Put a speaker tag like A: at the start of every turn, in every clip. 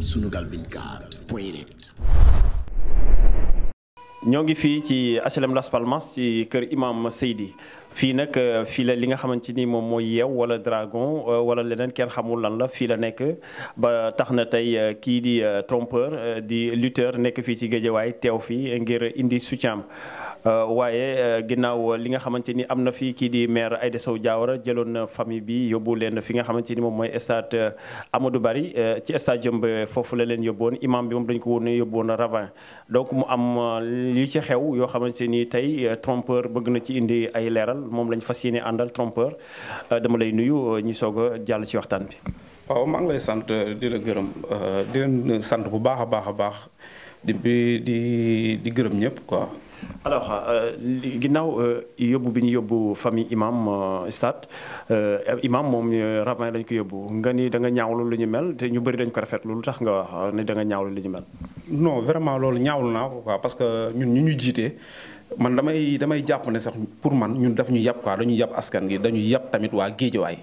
A: Sunugal ñoo ngi fii ci HLM Las ci kër Imam Seydi fii nag euh, fii la li nga xamante ni moom mooy yeew wala dragon euh, wala leneen kenn xamul lan la fii la nekk ba tax na tey euh, kii di trompeur di lutteur nekk fii ci Géejawaay teew fii ngir indi soutien Euh, waaye euh, ginnaaw li nga xamante ni am na fii kii di maire ay Sow Diawara jëloon na famille bi yóbbu leen fi nga xamante ni moom mooy stade euh, Amadou Barry ci stade Jëmbe foofu la leen yóbboon imam bi moom dañ ko woon yóbboon Ravin donc mu am li ci xew yoo xamante ni tey trompeur bëgg na ci indi ay leeral moom lañu fas yéene àndal trompeur dama lay nuyu ñu soog a jàll ci waxtaan bi. waaw maa ngi sant di la gërëm di leen sant bu baax a baax a baax di di di gërëm quoi. alors euh, ginnaaw euh, yóbbu bi ñu yóbbu famille imam euh, stade imam moom ravin lañ ko yóbbu nga ni da nga ñaawlu lu ñu mel te ñu bëri dañ ko rafetlu lu tax nga wax ni da nga ñaawlu lu ñu mel.
B: non vraiment loolu ñaawlu naa ko quoi parce que ñun ñu ñu jiite man damay damay jàpp ne sax pour man ñun daf ñu yàpp quoi dañu yàpp askan gi dañu yàpp tamit waa géejawaay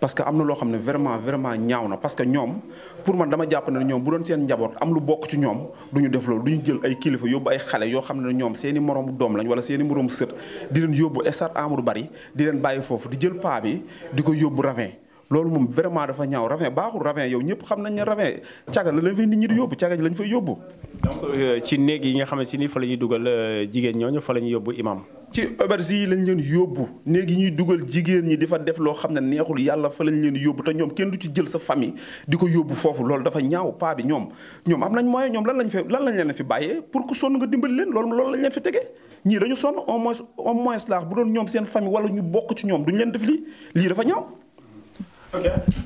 B: parce que am na loo xam ne vraiment vraiment ñaaw na parce que ñoom pour man dama jàpp ne ñoom bu doon seen njaboot am lu bokk ci ñoom du ñu def loolu du ñu jël ay kilifa yóbbu ay xale yoo xam ne ñoom seen i morom doom lañ wala seeni i morom sët di leen yóbbu estat amul bari di leen bàyyi foofu di jël paa di ko yóbbu ravin loolu moom vraiment dafa ñaaw ravin baaxul ravin yow ñëpp xam nañ ne ravin caga la leen fay nit ñi di yóbbu caga ji lañ fa yóbbu
A: donc euh, ci néeg yi nga xamante ni fa la ñuy dugal euh, jigéen ñooñu fa la ñuy yóbbu imam
B: ci auberge yi lañ leen yóbbu néeg yi ñuy dugal jigéen ñi di def loo xam ne neexul yàlla fa lañ leen yóbbu te ñoom kenn du ci jël sa famille di ko yóbbu foofu loolu dafa ñaaw paa bi ñoom ñoom am nañ moyen ñoom lan lañ fi lan lañ leen fi bàyyee pour que sonn nga dimbali leen loolu loolu lañ leen fi tegee ñii dañu sonn au moins au moins laax bu doon ñoom seen famille wala ñu bokk ci ñoom duñ leen def lii lii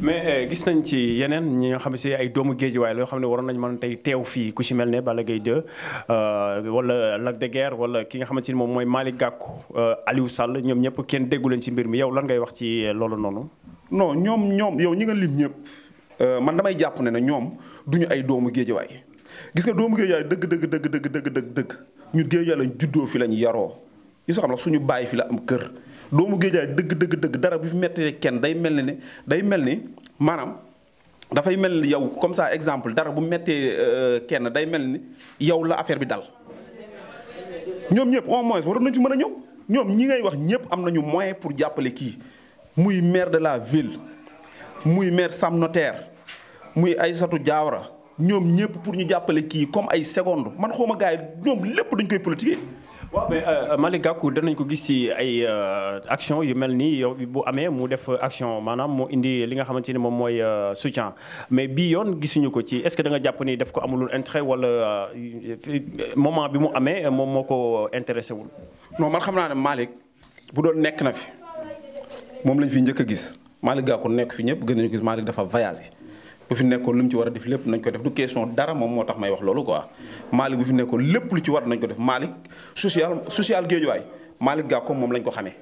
A: mais euh, gis nañ ci yeneen ñi nga xam si ay doomu géejiwaay la yoo xam ne waroon nañ mën tey teew fii ku si mel ne Balla Gaye 2 euh, wala Lac de Guiers wala ki nga xamante ni moom mooy Malick Gakou euh, Aliou sàll ñoom ñëpp kenn déggu leen ci mbir mi yow lan ngay wax ci loolu noonu.
B: no ñoom ñoom yow ñi nga lim ñëpp man damay jàpp ne ne ñoom duñu ay doomu géejiwaay gis nga doomu géejiwaay dëgg dëgg dëgg dëgg dëgg dëgg ñu géejiwaay lañ juddoo fi lañ yaroo gis nga xam la suñu bàyyi fi la am kër. doomu géejaay dëgg dëgg dëgg dara bu fi metti kenn day mel ni ne day mel ni maanaam dafay mel ni yow comme ça exemple dara bu mettee euh, kenn day mel ni yow la affaire bi dal ñoom ñëpp au moins waroon nañu ci mën a ñëw ñoom ñi ngay wax ñëpp am nañu moyen pour jàppale kii muy maire de la ville muy maire Sam Notaire muy Aïssatou Diawara ñoom ñëpp pour ñu jàppale kii comme ay seconde man xawma gars yi ñoom lépp dañ koy
A: politiquer waaw mais euh, euh, Malick Gakou danañ ko gis ci ay euh, action yu mel nii yow bu amee mu def action maanaam mu indi li nga xamante ni moom mooy soutien mais bii yoon gisuñu ko ci est-ce que danga jàpp nii def ko amulul intérêt wala moment bi mu amee moom moo ko intéressé wul. non man xam naa ne Malick bu doon nekk na fi
B: moom lañ fi njëkk a gis Malick Gakou nekk fi ñëpp gën nañu gis Malick dafa voyagé. ku fi nekkoon lu mu ci war a def lépp nañ ko def du question dara moom moo tax may wax loolu quoi Malick bu fi nekkoon lépp lu ci war nañ ko def Malick social social géejuwaay Malick Gakou moom lañ ko xamee.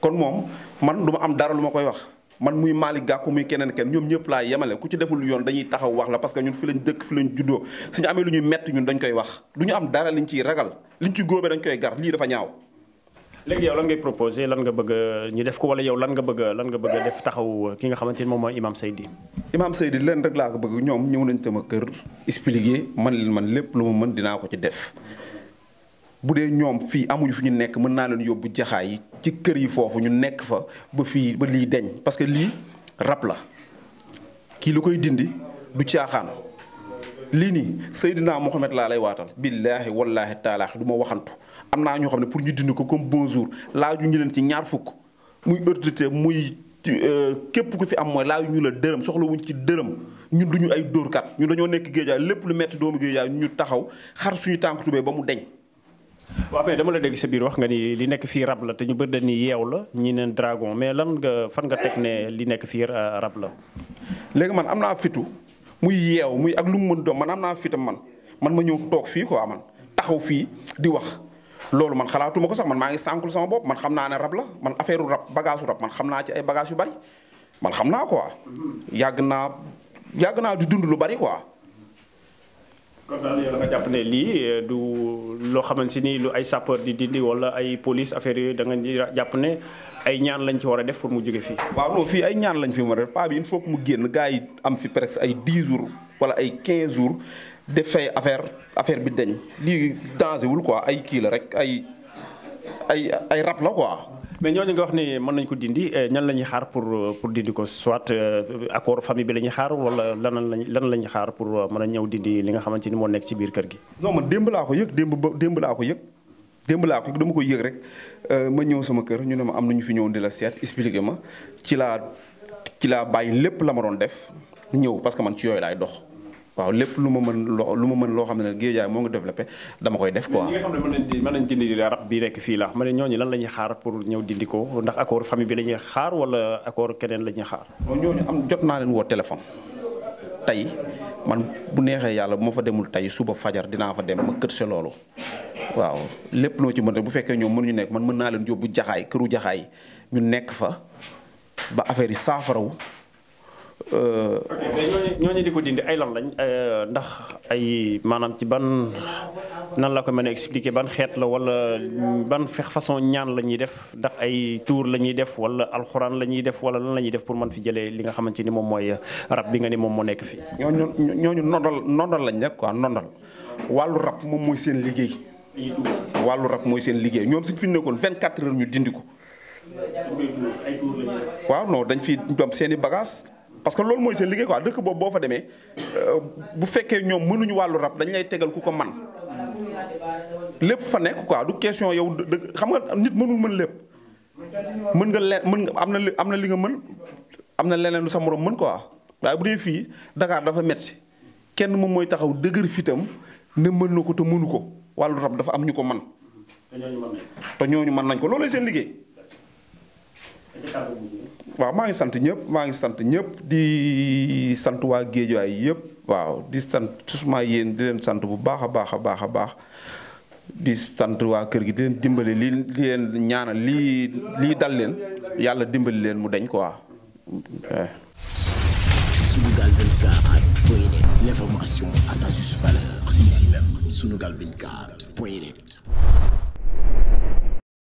B: kon moom man du ma dara lu ma koy wax man muy Malick Gakou muy keneen kenn ñoom ñëpp laa yemale ku ci deful yoon dañuy taxaw wax la parce que ñun fi lañ dëkk fi lañ juddoo suñu amee lu ñuy mett ñun dañ koy wax du ñu am dara liñ ci ragal
A: liñ ci góobee dañ koy gar lii dafa ñaaw. léegi yow lan ngay proposé lan nga bëgg ñu def ko wala yow lan nga bëgg lan nga bëgg def taxaw ki nga xamante ni moom mooy Imam Seydi.
B: Imam Seydi leen rek laa ko bëgg ñoom ñëw nañ sama kër expliqué man leen man lépp lu ma mën dinaa ko ci def bu dee ñoom fii amuñu fu ñu nekk mën naa leen yóbbu jaxaay yi ci kër yi foofu ñu nekk fa ba fii ba lii deñ parce que lii rab la kii lu koy dindi du caaxaan. lii nii Seydina Mohamed laa lay waatal billaahi wallaahi taalaahi du ma waxantu am naa ñoo xam ne pour ñu dindi ko comme laa ju ñu leen ci ñaar fukk muy autorité muy euh, képp ku fi am mooy laaju ñu la dërëm soxla wuñ ci dërëm ñun duñu ay dóorkat ñu dañoo nekk géejaay lépp lu metti doomu géejaay ñu taxaw xar suñu tànk tubéy ba mu deñ
A: waaw mais dama la dégg sa biir wax nga ni li nekk fii rab la te ñu bëri dañuy yeew la ñi neen dragon mais lan nga fan teg ne li nekk fii euh, rab la
B: léegi man am naa fitu muy yeew muy ak lu mu mën doom man am naa fitam man man ma ñëw toog fii quoi man taxaw fii di wax loolu man xalaatuma ko sax man maa ngi sànkul sama bopp man xam naa ne rab la man affaire u rab bagage rab man xam naa ci ay bagage yu bari man xam naa quoi mhm. yàgg naa yàgg naa di dund lu bari quoi kon daal yow da nga jàpp ne
A: lii euh, du loo xamante ni lu ay sapeur di dindi wala ay police affaire yooyu da nga jàpp ne ay ñaan lañ ci war a def pour mu jóge fi waaw non fii
B: ay ñaan lañ fi war a def paa bi il faut mu génn gaa yi am fi presque ay 10 jours wala ay 15 jours def fay affaire affaire bi dañ lii danger wul quoi ay kii la rek ay ay
A: ay rab la quoi. mais ñoo ñooñu nga wax ni mën nañ ko dindi eh, ñan la ñuy xaar pour pour dindi ko soit eh, accord famille bi la ñuy xaar wala lan lañ lan la ñuy xaar pour euh, mën a ñëw dindi li nga xamante ni moo nekk ci biir kër gi.
B: non man démb laa ko yëg démb ba démb laa ko yëg démb laa ko yëg ko yëg rek euh, ma ñëw sama kër ñu ne ma am nañu fi ñëw di la seet expliqué ma ci laa ci laa bàyyi lépp la ma doon def ñëw parce que man ci yooyu laay dox.
A: waaw lépp lu ma mën loo lu ma mën loo xam ne Guédiawaye moo ngi développé dama koy def ko ñi nañ di mën nañ dindi fii la ma ne ñooñu lan lañuy xaar pour ñëw dindi ko ndax accord famille bi la ñuy xaar wala accord keneen la ñuy xaar. ñooñu am jot naa woo téléphone tey
B: man bu neexee yàlla bu ma fa demul tey suba fajar dinaa fa dem ma kër se loolu waaw lépp loo ci mën bu fekkee ñoom mënuñu nekk man mën naa leen yóbbu jaxaay këru jaxaay ñu nekk fa
A: ba affaire yi saafaraw Euh, ñooñu di ko dindi ay lan lañ euh, ndax ay maanaam ci ban nan la ko mën a expliquer ban xeet la wala ban fex façon ñaan la ñuy def ndax ay tuur la ñuy def wala alxuraan la ñuy def wala lan la ñuy def pour mën fi jëlee li nga xamante ni moom mooy rab bi nga ni moom moo nekk fii. ñooñu ñooñu nondal nondal lañ rek quoi nondal wàllu rab moom mooy seen liggéey.
B: wàllu rab mooy seen liggéey ñoom si fi nekkoon 24 heures ñu dindi ko. waaw non dañ fi doom seen i parce que loolu mooy seen liggéey quoi dëkk boobu boo fa demee euh, bu fekkee ñoom mënuñu wàllu rab dañ lay tegal ku ko man lépp fa nekk quoi du question yow dëgg xam nga nit mënul mën lépp mën nga leen mën nga am na li am na li nga mën am na leneen sa moroom mën quoi waaye bu dee fii dakaar dafa metti kenn moom mooy taxaw dëgër fitam ne mën na ko te mënu ko wàllu rab dafa am ñu ko man te ñooñu mën nañ ko loolu seen liggéey. waaw maa ngi sant ñëpp maa ngi sant ñëpp di sant waa géejuwaay yëpp waaw di sant suma yéen di leen sant bu baax a baax a baax a baax di sant waa kër gi di leen dimbali lii di leen ñaanal lii lii dal leen yàlla dimbali leen mu dañ quoi.
A: Sunugal 24 point